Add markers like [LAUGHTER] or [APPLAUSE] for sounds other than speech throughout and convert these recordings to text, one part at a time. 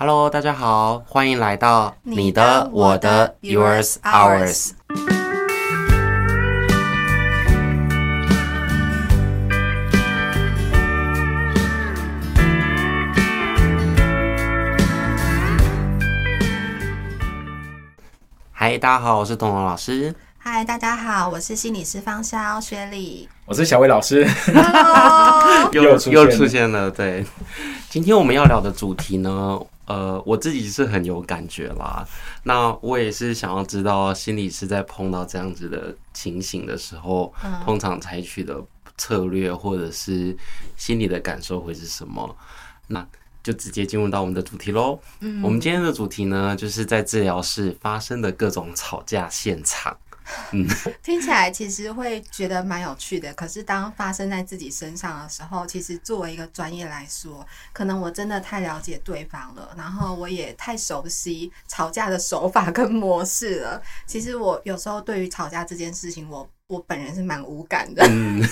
Hello，大家好，歡迎來到你的、你我，的我的、yours、ours。Hi，大家好，我是董龍老師。Hi，大家好，我是心理師方肖雪莉。我是小薇老師。 [LAUGHS] 又又出，又出現了，對。今天我們要聊的主題呢？呃，我自己是很有感覺啦。那我也是想要知道，心理師在碰到這樣子的情形的時候，uh. 通常採取的策略，或者是心理的感受會是什麼？那就直接進入到我們的主題嘍。嗯、mm -hmm.，我們今天的主題呢，就是在治療室發生的各種吵架現場。嗯， [LAUGHS] 聽起來其實會覺得蠻有趣的。可是當發生在自己身上的時候，其實作為一個專業來說，可能我真的太了解對方了，然後我也太熟悉吵架的手法跟模式了。其實我有時候對於吵架這件事情，我我本人是蠻無感的，嗯，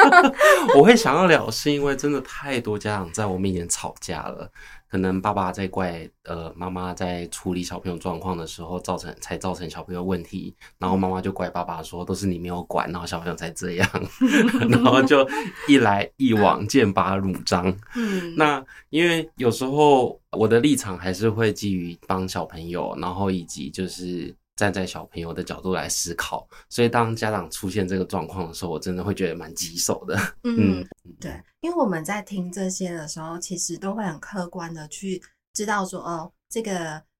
[LAUGHS] 我會想要聊，是因為真的太多家長在我面前吵架了，可能爸爸在怪呃媽媽在處理小朋友狀況的時候造成，才造成小朋友問題，然後媽媽就怪爸爸說都是你沒有管，然後小朋友才這樣， [LAUGHS] 然後就一來一往劍拔弩張。嗯，那因為有時候我的立場還是會基於幫小朋友，然後以及就是。站在小朋友的角度來思考，所以當家長出現這個狀況的時候，我真的會覺得蠻棘手的，嗯。嗯，對，因為我們在聽這些的時候，其實都會很客觀的去知道說，哦，這個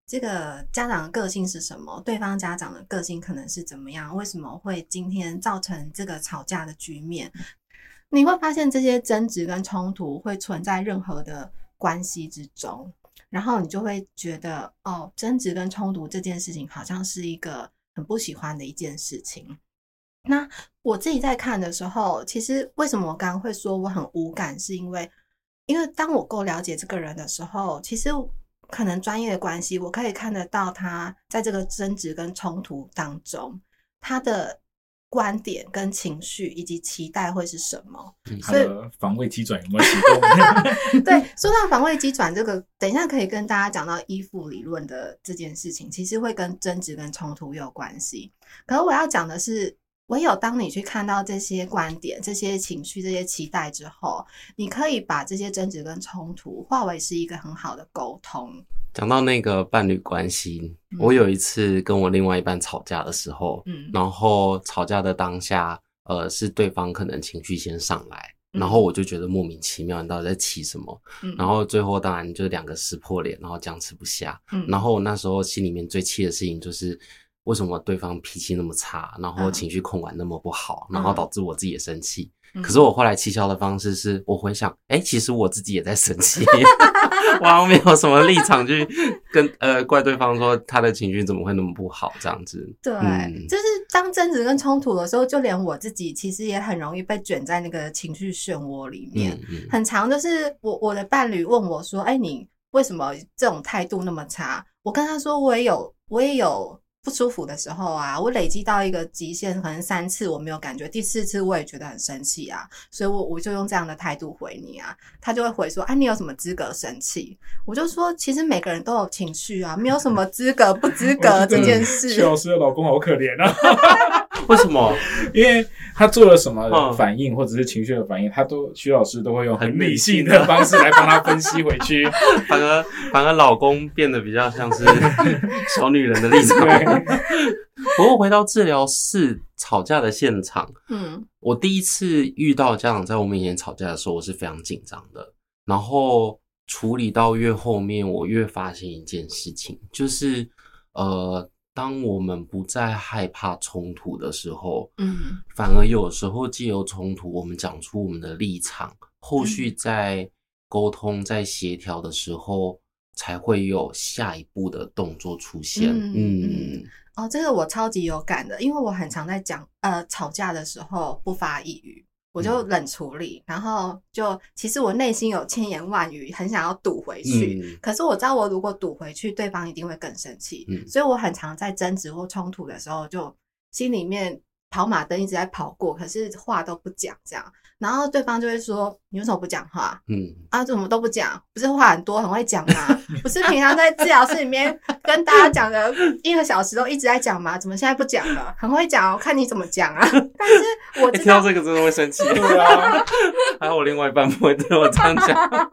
這個家長的個性是什麼，對方家長的個性可能是怎麼樣，為什麼會今天造成這個吵架的局面？你會發現這些爭執跟衝突會存在任何的關係之中。然後你就會覺得，哦，爭執跟衝突這件事情好像是一個很不喜歡的一件事情。那我自己在看的時候，其實為什麼我剛剛會說我很無感，是因為，因為當我夠了解這個人的時候，其實可能專業的關係，我可以看得到他在這個爭執跟衝突當中，他的。觀點跟情緒以及期待會是什麼？嗯，所以他的防衛機轉有沒有？ [LAUGHS] [LAUGHS] 對，說到防衛機轉這個，等一下可以跟大家講到依附理論的這件事情，其實會跟爭執跟衝突有關係。可是我要講的是。唯有當你去看到這些觀點、這些情緒、這些期待之後，你可以把這些爭執跟衝突化為是一個很好的溝通。講到那個伴侶關係，嗯，我有一次跟我另外一半吵架的時候，嗯，然後吵架的當下，呃，是對方可能情緒先上來，嗯，然後我就覺得莫名其妙，你到底在氣什麼？嗯，然後最後當然就兩個撕破臉，然後僵持不下。嗯，然後我那時候心裡面最氣的事情就是。為什麼對方脾氣那麼差，然後情緒控管那麼不好，嗯，然後導致我自己也生氣，嗯。可是我後來氣消的方式是，我回想，哎、欸，其實我自己也在生氣， [LAUGHS] [LAUGHS] 我沒有什麼立場去跟呃怪對方說他的情緒怎麼會那麼不好，這樣子。對，嗯、就是當爭執跟衝突的時候，就連我自己其實也很容易被卷在那個情緒漩渦裡面。嗯嗯、很常就是我我的伴侶問我說，哎、欸，你為什麼這種態度那麼差？我跟他說，我也有，我也有。不舒服的時候啊，我累積到一個極限，可能三次我沒有感覺，第四次我也覺得很生氣啊，所以我我就用這樣的態度回你啊，他就會回說，啊，你有什麼資格生氣？我就說，其實每個人都有情緒啊，沒有什麼資格不資格這件事。謝老師的老公好可憐啊。為什麼？因為他做了什麼反應，或者是情緒的反應，嗯、他都徐老師都會用很理性的方式來幫他分析回去，反而反而老公變得比較像是小女人的立場。 [LAUGHS] 不過回到治療室吵架的現場，嗯，我第一次遇到家長在我面前吵架的時候，我是非常緊張的。然後處理到越後面，我越發現一件事情，就是呃。當我們不再害怕衝突的時候，嗯，反而有時候藉由衝突，我們講出我們的立場，後續在溝通、嗯、在協調的時候，才會有下一步的動作出現嗯嗯。嗯，哦，這個我超級有感的，因為我很常在講呃吵架的時候不發一語。我就冷處理，嗯、然後就其實我內心有千言萬語，很想要賭回去、嗯，可是我知道我如果賭回去，對方一定會更生氣、嗯，所以我很常在爭執或衝突的時候，就心裡面跑馬燈一直在跑過，可是話都不講這樣。然後對方就會說：“你為什麼不講話？嗯，啊，怎麼都不講？不是話很多，很會講嗎，啊？ [LAUGHS] 不是平常在治療室裡面跟大家講的，一個小時都一直在講嗎？怎麼現在不講了？很會講哦，我看你怎麼講啊！但是我聽到、欸、這個真的會生氣、 [LAUGHS] 啊，還好我另外一半不會對我這樣講。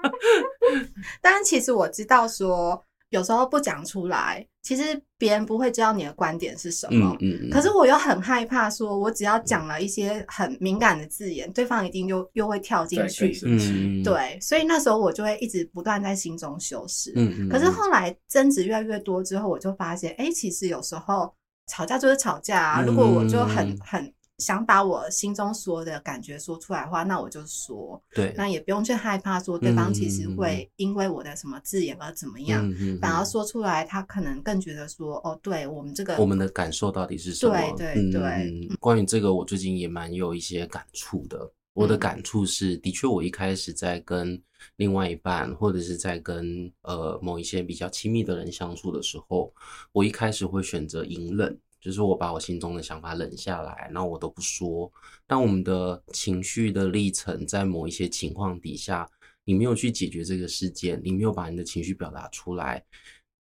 [LAUGHS] 但其實我知道說。”有時候不講出來，其實別人不會知道你的觀點是什麼。嗯嗯、可是我又很害怕，說我只要講了一些很敏感的字眼，嗯、對方一定又又會跳進去、嗯。對，所以那時候我就會一直不斷在心中修飾、嗯。可是後來爭執越來越多之後，我就發現，哎、嗯欸，其實有時候吵架就是吵架啊。嗯、如果我就很很。想把我心中說的感覺說出來的話，那我就說。對，那也不用去害怕說對方其實會因為我的什麼字眼而怎麼樣，反、嗯、而、嗯嗯嗯嗯、說出來，他可能更覺得說哦，對我們這個我們的感受到底是什麼？對對對、嗯、對。關於這個，我最近也蠻有一些感觸的。嗯、我的感觸是，的確，我一開始在跟另外一半，或者是在跟呃某一些比較親密的人相處的時候，我一開始會選擇隱忍。就是，我把我心中的想法冷下來，然後我都不說。但我們的情緒的歷程，在某一些情況底下，你沒有去解決這個事件，你沒有把你的情緒表達出來，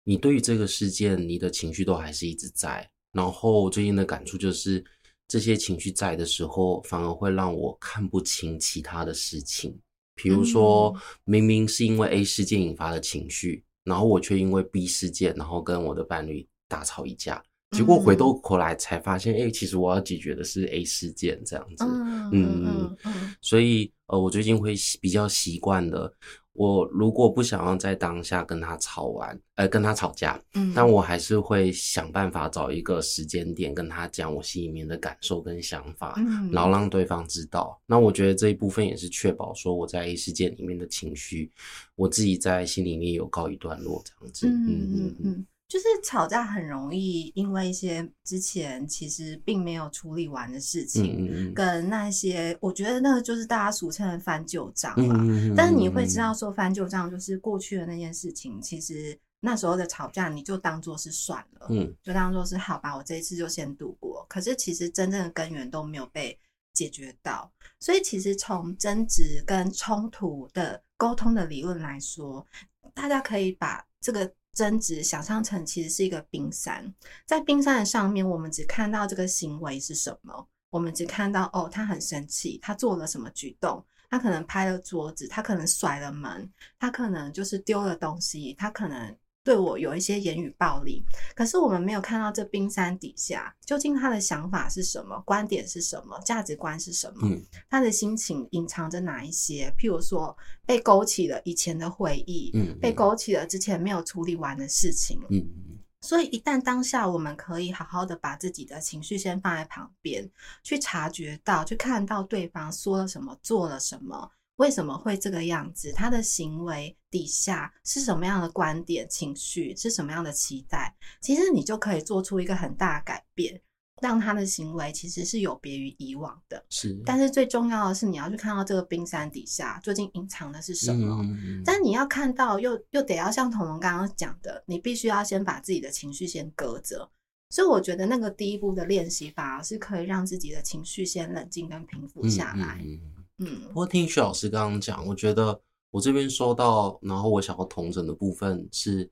你對於這個事件，你的情緒都還是一直在。然後最近的感觸就是，這些情緒在的時候，反而會讓我看不清其他的事情。比如說，明明是因為 A 事件引發的情緒，然後我卻因為 B 事件，然後跟我的伴侶大吵一架。結果回過頭來才發現，哎、嗯欸，其實我要解決的是 A 事件這樣子。哦、嗯嗯嗯、哦、所以，呃，我最近會比較習慣的，我如果不想要在當下跟他吵完，呃，跟他吵架，嗯、但我還是會想辦法找一個時間點跟他講我心裡面的感受跟想法，嗯、然後讓對方知道、嗯。那我覺得這一部分也是確保說我在 A 事件裡面的情緒，我自己在心裡面有告一段落這樣子。嗯嗯嗯。嗯嗯就是吵架很容易，因為一些之前其實並沒有處理完的事情，嗯、跟那些我覺得那個就是大家俗稱的翻舊賬嘛。但是你會知道說翻舊賬就是過去的那件事情，嗯、其實那時候的吵架，你就當做是算了，嗯，就當做是好吧，我這一次就先度過。可是其實真正的根源都沒有被解決到，所以其實從爭執跟衝突的溝通的理論來說，大家可以把這個。爭執想象成其實是一個冰山，在冰山的上面，我們只看到這個行為是什麼，我們只看到哦，他很生氣，他做了什麼舉動，他可能拍了桌子，他可能甩了門，他可能就是丟了東西，他可能。對我有一些言語暴力，可是我們沒有看到這冰山底下究竟他的想法是什麼，觀點是什麼，價值觀是什麼？嗯，他的心情隱藏着哪一些？譬如說，被勾起了以前的回憶，嗯嗯，被勾起了之前沒有處理完的事情，嗯嗯。所以，一旦當下，我們可以好好的把自己的情緒先放在旁邊，去察覺到，去看到對方說了什麼，做了什麼。為什麼會這個樣子？他的行為底下是什麼樣的觀點、情緒，是什麼樣的期待？其實你就可以做出一個很大的改變，讓他的行為其實是有別於以往的。是、啊。但是最重要的是，你要去看到這個冰山底下究竟隱藏的是什麼。嗯嗯。但你要看到，又又得要像童龍剛剛講的，你必須要先把自己的情緒先擱著。所以我覺得那個第一步的練習法，是可以讓自己的情緒先冷靜跟平復下來。嗯嗯嗯。嗯，我聽徐老師剛剛講，我覺得我這邊說到，然後我想要統整的部分是，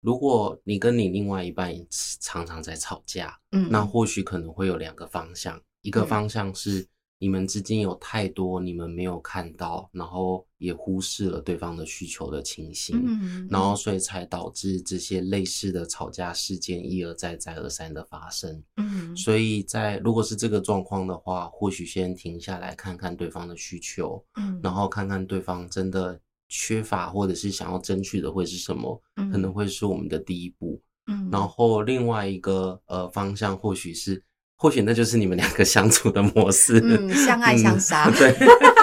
如果你跟你另外一半常常在吵架，嗯，那或許可能會有兩個方向，一個方向是。嗯你們之間有太多你們沒有看到，然後也忽視了對方的需求的情形，嗯嗯，然後所以才導致這些類似的吵架事件一而再再而三的發生，嗯，所以在如果是這個狀況的話，或許先停下來看看對方的需求，嗯，然後看看對方真的缺乏或者是想要爭取的會是什麼，嗯，可能會是我們的第一步，嗯，然後另外一個呃方向或許是。或許那就是你們兩個相處的模式，嗯、相愛相殺、嗯。對，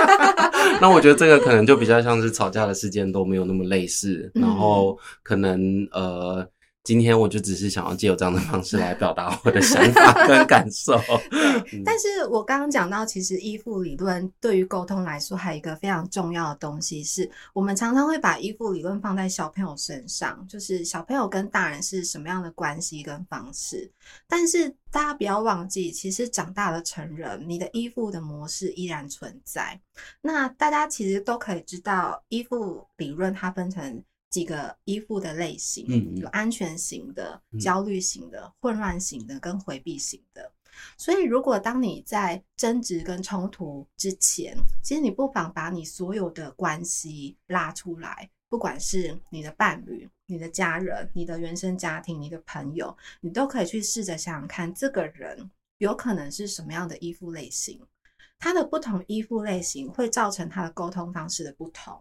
[LAUGHS] 那我覺得這個可能就比較像是吵架的事件都沒有那麼類似，嗯、然後可能呃。今天我就只是想要借由這樣的方式來表達我的想法跟感受。 [LAUGHS] 但是我剛剛講到，其實依附理論對於溝通來說，還有一個非常重要的東西，是我們常常會把依附理論放在小朋友身上，就是小朋友跟大人是什麼樣的關係跟方式。但是大家不要忘記，其實長大的成人，你的依附的模式依然存在。那大家其實都可以知道，依附理論它分成。幾個依附的類型，嗯嗯，有安全型的、嗯、焦慮型的、混亂型的跟回避型的。所以，如果當你在爭執跟衝突之前，其實你不妨把你所有的關係拉出來，不管是你的伴侶、你的家人、你的原生家庭、你的朋友，你都可以去試着想想看，這個人有可能是什麼樣的依附類型？他的不同依附類型會造成他的溝通方式的不同。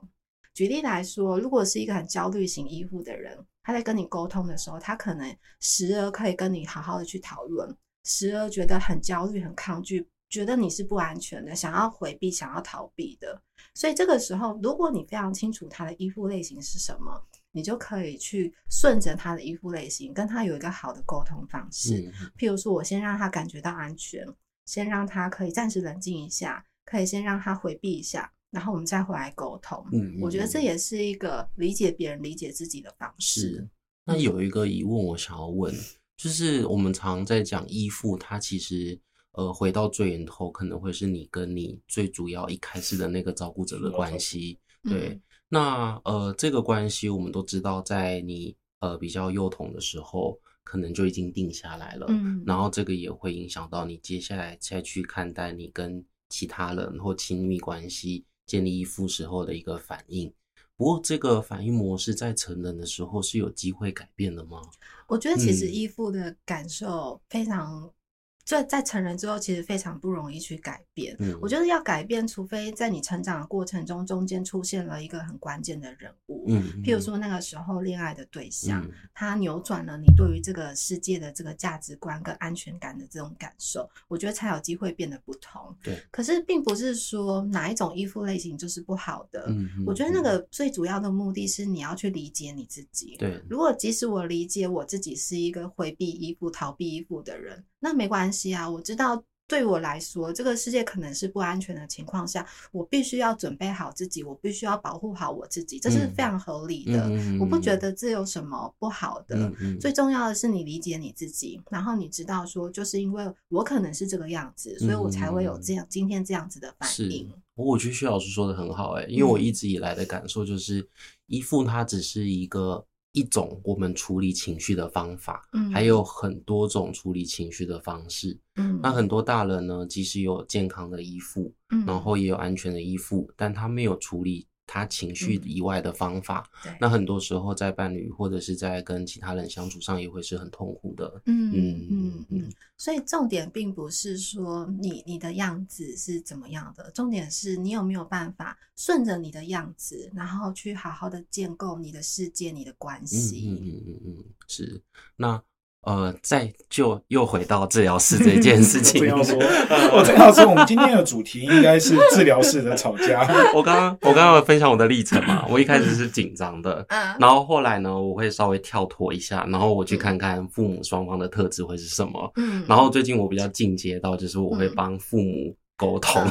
舉例來說，如果是一個很焦慮型依附的人，他在跟你溝通的時候，他可能時而可以跟你好好的去討論，時而覺得很焦慮、很抗拒，覺得你是不安全的，想要回避、想要逃避的。所以這個時候，如果你非常清楚他的依附類型是什麼，你就可以去順着他的依附類型，跟他有一個好的溝通方式。嗯。譬如說，我先讓他感覺到安全，先讓他可以暫時冷靜一下，可以先讓他回避一下。然後我們再回來溝通。嗯，我覺得這也是一個理解別人、理解自己的方式。是。那有一個疑問我想要問，就是我們常在講依附，它其實呃回到最源頭，可能會是你跟你最主要一開始的那個照顧者的關係。對。嗯、那呃這個關係，我們都知道，在你呃比較幼童的時候，可能就已經定下來了。嗯。然後這個也會影響到你接下來再去看待你跟其他人或親密關係。建立依附時候的一個反應，不過這個反應模式在成人的時候是有機會改變的嗎？我覺得其實依附的感受非常。嗯。所以，在成人之後，其實非常不容易去改變、嗯。我覺得要改變，除非在你成長的過程中，中間出現了一個很關鍵的人物、嗯嗯。譬如說那個時候戀愛的對象，嗯、他扭轉了你對於這個世界的這個價值觀跟安全感的這種感受，我覺得才有機會變得不同。對，可是並不是說哪一種依附類型就是不好的，嗯。嗯，我覺得那個最主要的目的是你要去理解你自己。對，如果即使我理解我自己是一個回避依附、逃避依附的人，那沒關係。是啊，我知道，對我來說，這個世界可能是不安全的情況下，我必須要準備好自己，我必須要保護好我自己、嗯，這是非常合理的。嗯、我不覺得這有什麼不好的、嗯。最重要的是你理解你自己，嗯、然後你知道說，就是因為我可能是這個樣子，嗯、所以我才會有這樣、嗯、今天這樣子的反應。我我覺得薛老師說的很好哎、欸，因為我一直以來的感受就是、嗯、依附它只是一個。一種我們處理情緒的方法，嗯，還有很多種處理情緒的方式，嗯，那很多大人呢，即使有健康的依附，嗯，然後也有安全的依附，但他沒有處理。他情緒以外的方法，嗯，那很多時候在伴侶或者是在跟其他人相處上，也會是很痛苦的。嗯嗯嗯嗯。所以重點並不是說你你的樣子是怎麼樣的，重點是你有沒有辦法順着你的樣子，然後去好好的建構你的世界，你的關係。嗯嗯嗯，是那。呃，再就又回到治療室這件事情。我 [LAUGHS] 要說，我最好說我們今天的主題應該是治療室的吵架。 [LAUGHS] 我剛剛我剛剛分享我的歷程嘛，我一開始是緊張的，嗯，然後後來呢，我會稍微跳脫一下，然後我去看看父母雙方的特質會是什麼，嗯，然後最近我比較進階到，就是我會幫父母。溝通，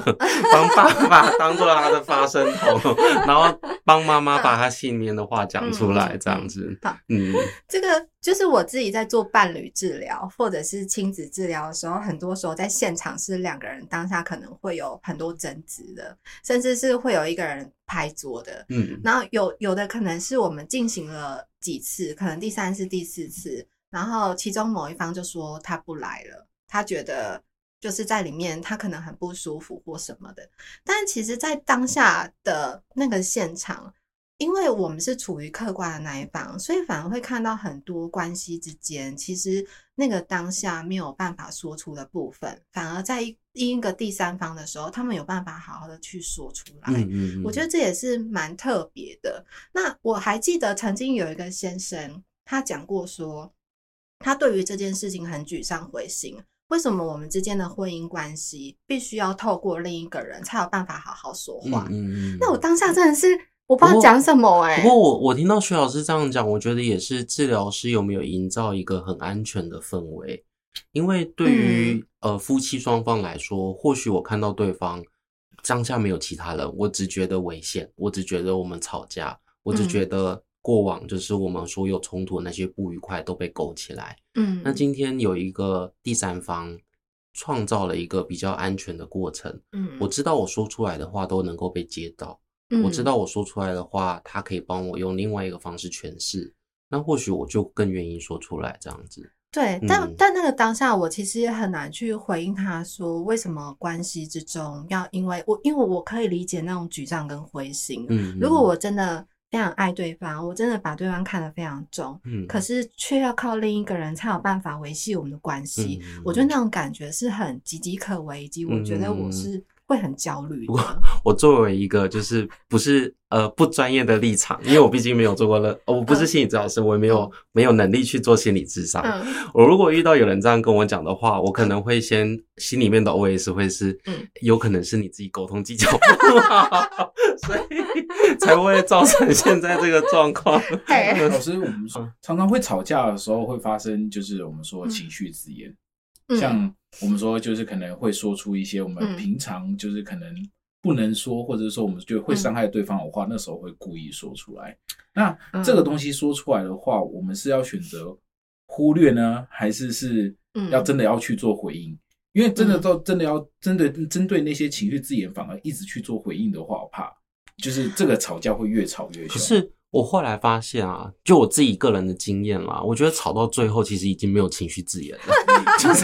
幫爸爸當做了他的發聲筒 [LAUGHS] 然後幫媽媽把他信念的話講出來，這樣子。嗯，嗯嗯這個就是我自己在做伴侶治療或者是親子治療的時候，很多時候在現場是兩個人當下可能會有很多爭執的，甚至是會有一個人拍桌的。嗯，然後有有的可能是我們進行了幾次，可能第三次、第四次，然後其中某一方就說他不來了，他覺得。就是在裡面，他可能很不舒服或什麼的。但其實，在當下的那個現場，因為我們是處於客觀的那一方，所以反而會看到很多關係之間，其實那個當下沒有辦法說出的部分，反而在一一個第三方的時候，他們有辦法好好的去說出來。嗯嗯嗯。我覺得這也是蠻特別的。那我還記得曾經有一個先生，他講過說，他對於這件事情很沮喪、灰心。為什麼我們之間的婚姻關係必須要透過另一個人才有辦法好好說話？嗯嗯、那我當下真的是我不知道講什麼誒、欸、不過我我聽到薛老師這樣講，我覺得也是治療師有沒有營造一個很安全的氛圍？因為對於、嗯、呃夫妻雙方來說，或許我看到對方當下沒有其他人，我只覺得危險，我只覺得我們吵架，我只覺得、嗯。過往就是我們所有衝突的那些不愉快都被勾起來，嗯，那今天有一個第三方創造了一個比較安全的過程，嗯，我知道我說出來的話都能夠被接到，嗯，我知道我說出來的話，他可以幫我用另外一個方式詮釋，那或許我就更願意說出來這樣子。對，嗯、但但那個當下，我其實也很難去回應他說，為什麼關係之中要因為我，因為我可以理解那種沮喪跟灰心，嗯，如果我真的。非常愛對方，我真的把對方看得非常重，嗯、可是卻要靠另一個人才有辦法維繫我們的關係，嗯，我覺得那種感覺是很岌岌可危，嗯、以及我覺得我是。會很焦慮。不過，我作為一個就是不是呃不專業的立場，因為我畢竟沒有做過樂、嗯哦，我不是心理治療師，我也沒有、嗯、沒有能力去做心理諮詢，嗯。我如果遇到有人這樣跟我講的話，我可能會先心裡面的 O S 會是、嗯，有可能是你自己溝通技巧， [LAUGHS] 所以才會造成現在這個狀況。 [LAUGHS] 嗯、老師，我們說常常會吵架的時候會發生，就是我們說情緒字眼。嗯像我們說，就是可能會說出一些我們平常就是可能不能說，或者說我們就會傷害對方的話，那時候會故意說出來。那這個東西說出來的話，我們是要選擇忽略呢，還是是要真的要去做回應？因為真的到真的要針對針對那些情緒字眼，反而一直去做回應的話，我怕就是這個吵架會越吵越兇。我後來發現啊，就我自己個人的經驗啦，我覺得吵到最後其實已經沒有情緒字眼了，就是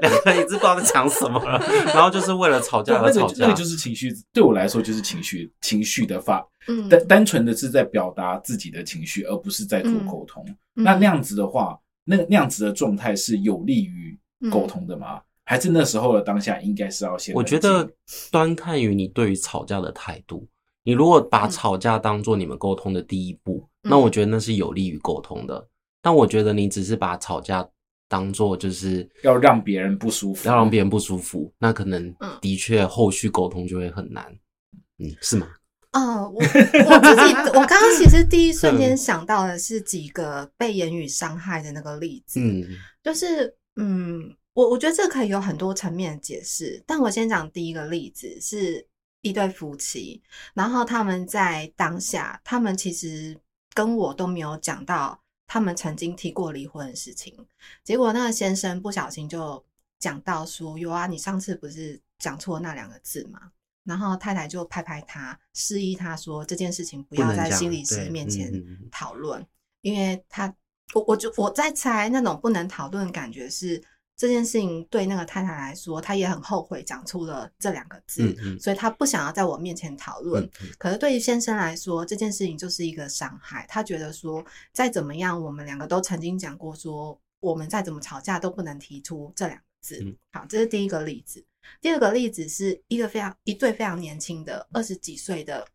兩個人一直不知道在講什麼了。然後就是為了吵架而吵架，那個，那個就是情緒，對我來說就是情緒，情緒的發，單單純的是在表達自己的情緒，而不是在做溝通。嗯、那那樣子的話，那那樣子的狀態是有利於溝通的嗎？嗯？還是那時候的當下應該是要先？我覺得，端看於你對於吵架的態度。你如果把吵架當做你們溝通的第一步，嗯，那我覺得那是有利於溝通的。嗯。但我覺得你只是把吵架當做就是要讓別人不舒服，嗯，要讓別人不舒服，那可能的確後續溝通就會很難。嗯，是嗎？啊，呃，我我自己，我剛剛其實第一瞬間想到的是幾個被言語傷害的那個例子。嗯，就是嗯，我我覺得這可以有很多層面解釋。但我先講第一個例子是。一對夫妻，然後他們在當下，他們其實跟我都沒有講到，他們曾經提過離婚的事情。結果那個先生不小心就講到說：“有啊，你上次不是講錯那兩個字嗎？”然後太太就拍拍他，示意他說：“這件事情不要在心理師面前討論。嗯嗯”因為他，我我就我在猜那種不能討論的感覺是。這件事情對那個太太來說，她也很後悔講出了這兩個字，嗯嗯。所以她不想要在我面前討論。嗯嗯。可是對於先生來說，這件事情就是一個傷害。他覺得說，再怎麼樣，我們兩個都曾經講過說，說我們再怎麼吵架都不能提出這兩個字。嗯。好，這是第一個例子。第二個例子是一個非常一對非常年輕的二十幾歲的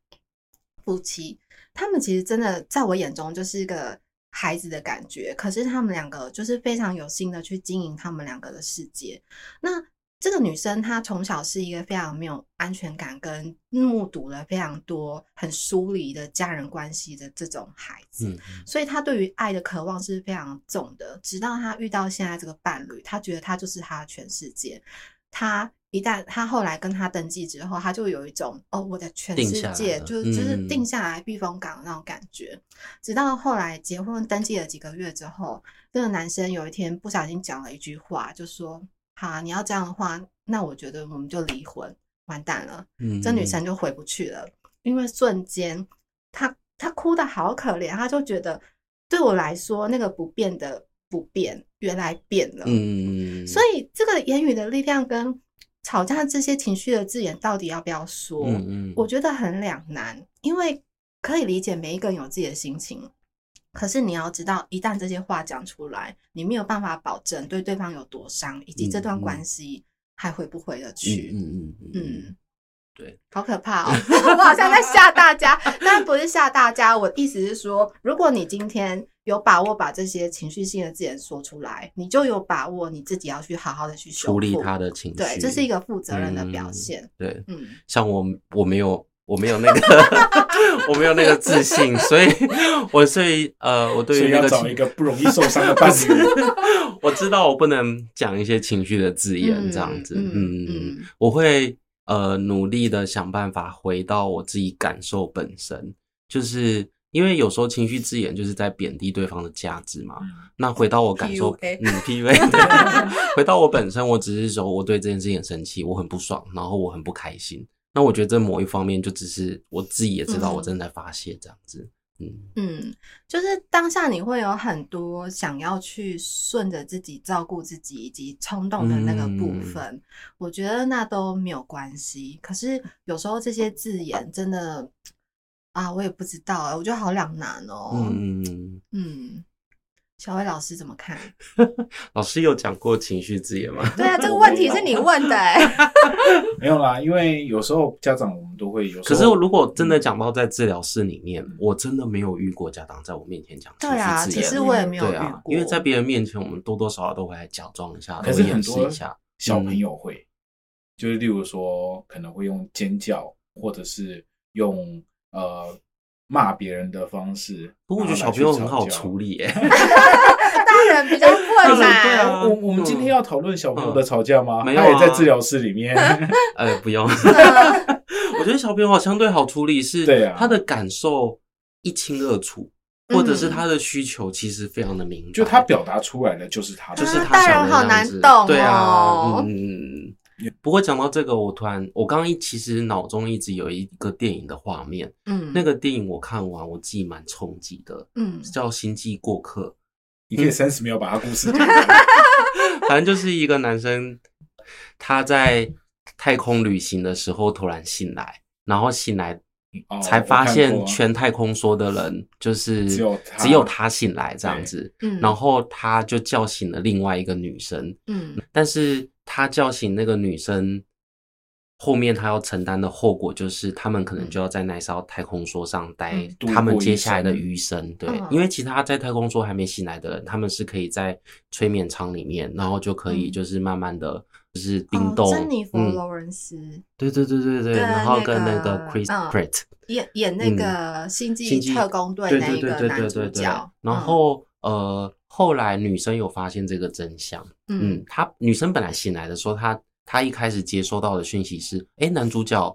夫妻，他們其實真的在我眼中就是一個。孩子的感覺，可是他們兩個就是非常有心的去經營他們兩個的世界。那這個女生她從小是一個非常沒有安全感，跟目睹了非常多很疏離的家人關係的這種孩子，嗯、所以她對於愛的渴望是非常重的，直到她遇到現在這個伴侶，她覺得她就是她的全世界，她。一旦他後來跟他登記之後，他就有一種哦，我的全世界就就是定下來避風港的那種感覺。嗯、直到後來結婚登記了幾個月之後，那個男生有一天不小心講了一句話，就說：“好、啊，你要這樣的話，那我覺得我們就離婚，完蛋了。嗯”這女生就回不去了，因為瞬間他他哭得好可憐，他就覺得對我來說那個不變的不變原來變了，嗯，所以這個言語的力量跟吵架這些情緒的字眼到底要不要說？嗯嗯，我覺得很兩難，因為可以理解每一個人有自己的心情，可是你要知道，一旦這些話講出來，你沒有辦法保證對對方有多傷，以及這段關係還回不回得去。嗯嗯。嗯對，好可怕哦！我好像在嚇大家， [LAUGHS] 但不是嚇大家。我意思是說，如果你今天有把握把這些情緒性的字眼說出來，你就有把握你自己要去好好的去處理他的情緒。對，這是一個負責任的表現，嗯。對，嗯，像我，我沒有，我沒有那個， [LAUGHS] [LAUGHS] 我沒有那個自信，所以，我所以，呃，我對於要找一個不容易受傷的伴侶， [LAUGHS] [LAUGHS] 我知道我不能講一些情緒的字眼，這樣子，嗯嗯嗯，嗯，我會。呃，努力的想辦法回到我自己感受本身，就是因為有時候情緒字眼就是在貶低對方的價值嘛、嗯。那回到我感受，PUA、嗯，PUA， [LAUGHS] [LAUGHS] 回到我本身，我只是說我對這件事情很生氣，我很不爽，然後我很不開心。那我覺得在某一方面，就只是我自己也知道，我正在發洩這樣子。嗯嗯，就是當下你會有很多想要去順着自己照顧自己以及衝動的那個部分、嗯，我覺得那都沒有關係。可是有時候這些字眼真的啊，我也不知道，我覺得好兩難哦、喔。嗯。嗯小薇老師怎麼看？ [LAUGHS] 老師有講過情緒字眼嗎？對啊，這個問題是你問的、欸。 [LAUGHS] 沒有啦，因為有時候家長我們都會有。可是如果真的講到在治療室裡面、嗯，我真的沒有遇過家長在我面前講情緒字眼。對啊，其實我也沒有遇過、啊、因為在別人面前我們多多少少都會來假裝一下，可是掩飾一下。小朋友會、嗯，就是例如說，可能會用尖叫，或者是用呃。罵別人的方式，不過我覺得小朋友很好處理、欸，哎，大 [LAUGHS] 人比較困難。 [LAUGHS] 對，對啊，我、嗯、我們今天要討論小朋友的吵架嗎？嗯、沒有、啊、他也在治療室裡面，哎、呃，不用，嗯、 [LAUGHS] 我覺得小朋友相對好處理，是他的感受一清二楚，啊、或者是他的需求其實非常的明、嗯，就是、他表達出來的就是他的，就、嗯、是大人好難懂、哦，就是，對啊，嗯。不過講到這個，我突然，我剛剛一其實腦中一直有一個電影的畫面，嗯，那個電影我看完，我記憶蠻衝擊的，嗯，叫《星際過客》，你可以三十秒把它故事講。嗯、 [LAUGHS] 反正就是一個男生他在太空旅行的時候突然醒來，然後醒來才發現全太空說的人、哦啊、就是只有他，他，他醒來這樣子，嗯，然後他就叫醒了另外一個女生，嗯，但是。他叫醒那個女生，後面他要承擔的後果就是，他們可能就要在那艘太空梭上待他們接下來的餘生。對，嗯、因為其他在太空梭還沒醒來的人，嗯、他們是可以在催眠艙裡面，然後就可以就是慢慢的就是冰凍。哦、珍妮弗·勞倫斯，對對對對對、那個，然後跟那個 Chris Pratt、嗯、演演那個星際特工隊那個男主角對，對對對對對，對，對，對、嗯、然後呃。後來女生有發現這個真相，嗯，她、嗯、女生本來醒來的時候，她她一開始接收到的訊息是，哎、欸，男主角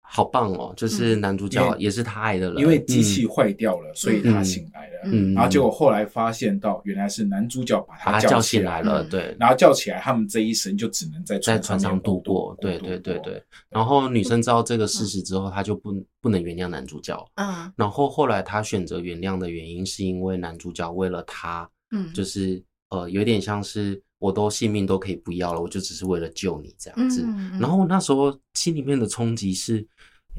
好棒哦，這、就是男主角也是她愛的人，因為機、嗯、器壞掉了，所以她醒來了，嗯，然後結果後來發現到、嗯、原來是男主角把她叫起來，叫醒來了，對、嗯，然後叫起來，嗯、他們這一生就只能在船在船上度過，對對對對，對，對，對，對，對，然後女生知道這個事實之後，她就不不能原諒男主角，嗯，然後後來她選擇原諒的原因是因為男主角為了她。嗯，就是呃，有點像是我都性命都可以不要了，我就只是為了救你這樣子。嗯、然後那時候心裡面的衝擊是，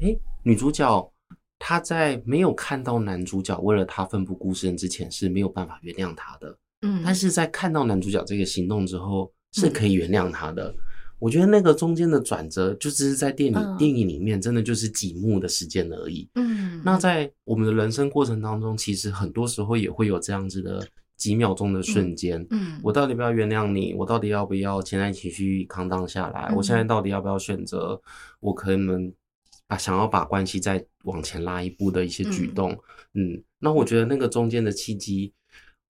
哎、欸，女主角她在沒有看到男主角為了她奮不顧身之前是沒有辦法原諒他的，嗯，但是在看到男主角這個行動之後是可以原諒他的、嗯。我覺得那個中間的轉折，就只是在電影、嗯、電影裡面真的就是幾幕的時間而已，嗯。那在我們的人生過程當中，其實很多時候也會有這樣子的。幾秒鐘的瞬間，嗯，嗯，我到底要不要原諒你？我到底要不要現在情緒扛盪下來，嗯？我現在到底要不要選擇？我可能啊，想要把關係再往前拉一步的一些舉動，嗯，嗯，那我覺得那個中間的契機，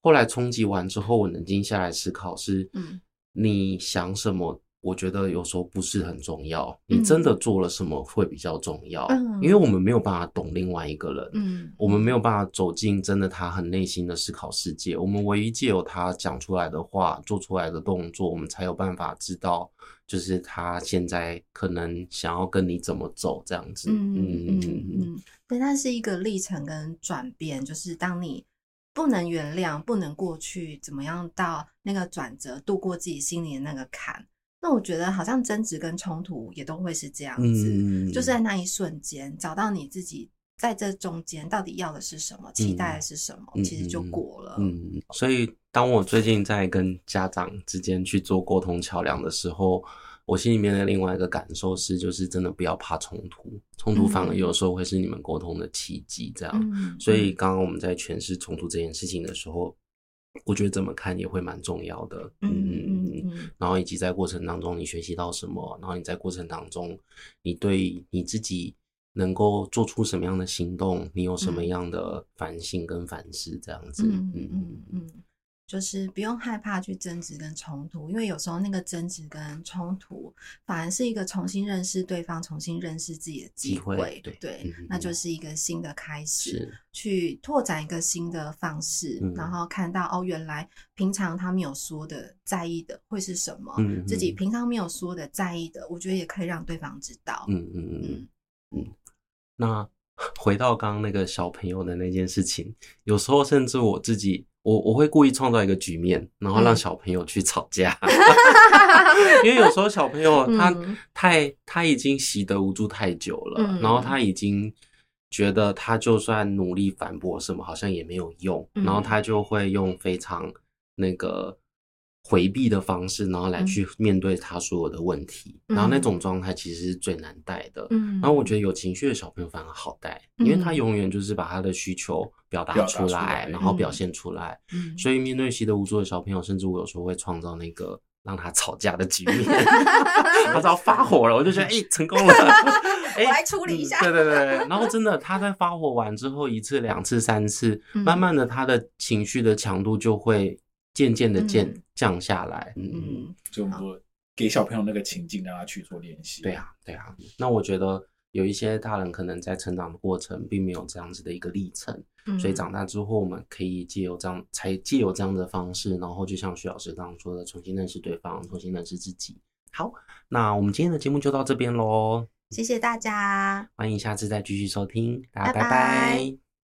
後來衝擊完之後，我冷靜下來思考是，嗯，你想什麼？我覺得有時候不是很重要，你真的做了什麼會比較重要。嗯，因為我們沒有辦法懂另外一個人，嗯，我們沒有辦法走進真的他很內心的思考世界。我們唯一借由他講出來的話、做出來的動作，我們才有辦法知道，就是他現在可能想要跟你怎麼走這樣子。嗯嗯嗯，嗯，對，但是一個歷程跟轉變，就是當你不能原諒、不能過去，怎麼樣到那個轉折，度過自己心裡的那個坎。那我覺得好像爭執跟衝突也都會是這樣子，嗯、就是在那一瞬間找到你自己在這中間到底要的是什麼，嗯、期待的是什麼，嗯、其實就過了。嗯，所以當我最近在跟家長之間去做溝通橋梁的時候，我心裡面的另外一個感受是，就是真的不要怕衝突，衝突反而有時候會是你們溝通的契機。這樣、嗯，所以剛剛我們在詮釋衝突這件事情的時候。我覺得怎麼看也會蠻重要的，嗯嗯嗯，嗯，然後以及在過程當中你學習到什麼，然後你在過程當中你對你自己能夠做出什麼樣的行動，你有什麼樣的反省跟反思，這樣子，嗯嗯嗯。嗯就是不用害怕去爭執跟衝突，因為有時候那個爭執跟衝突反而是一個重新認識對方、重新認識自己的機會、機會。對、對嗯嗯，那就是一個新的開始，去拓展一個新的方式，嗯、然後看到哦，原來平常他沒有說的在意的會是什麼嗯嗯，自己平常沒有說的在意的，我覺得也可以讓對方知道。嗯嗯嗯嗯嗯。那回到剛剛那個小朋友的那件事情，有時候甚至我自己。我我會故意創造一個局面，然後讓小朋友去吵架，嗯、 [LAUGHS] 因為有時候小朋友他太、嗯、他，他已經習得無助太久了，然後他已經覺得他就算努力反駁什麼好像也沒有用，然後他就會用非常那個。迴避的方式，然後來去面對他所有的問題、嗯，然後那種狀態其實是最難帶的。嗯，然後我覺得有情緒的小朋友反而好帶、嗯，因為他永遠就是把他的需求表達，表達出來，然後表現出來。嗯，所以面對習得無助的小朋友，嗯、甚至我有時候會創造那個讓他吵架的局面， [LAUGHS] [LAUGHS] 他只要發火了，我就覺得誒、 [LAUGHS] 欸、成功了、 [LAUGHS] 欸，我來處理一下、嗯。對對對，然後真的他在發火完之後一次兩次三次、嗯，慢慢的他的情緒的強度就會。漸漸的降、嗯、降下來，嗯，就我們給小朋友那個情境，讓他去做練習、啊。對啊，對啊。那我覺得有一些大人可能在成長的過程並沒有這樣子的一個歷程，嗯、所以長大之後我們可以借由這樣，才借由這樣的方式，然後就像徐老師剛剛說的，重新認識對方，重新認識自己。好，那我們今天的節目就到這邊嘍，謝謝大家，歡迎下次再繼續收聽，大家拜拜。拜拜。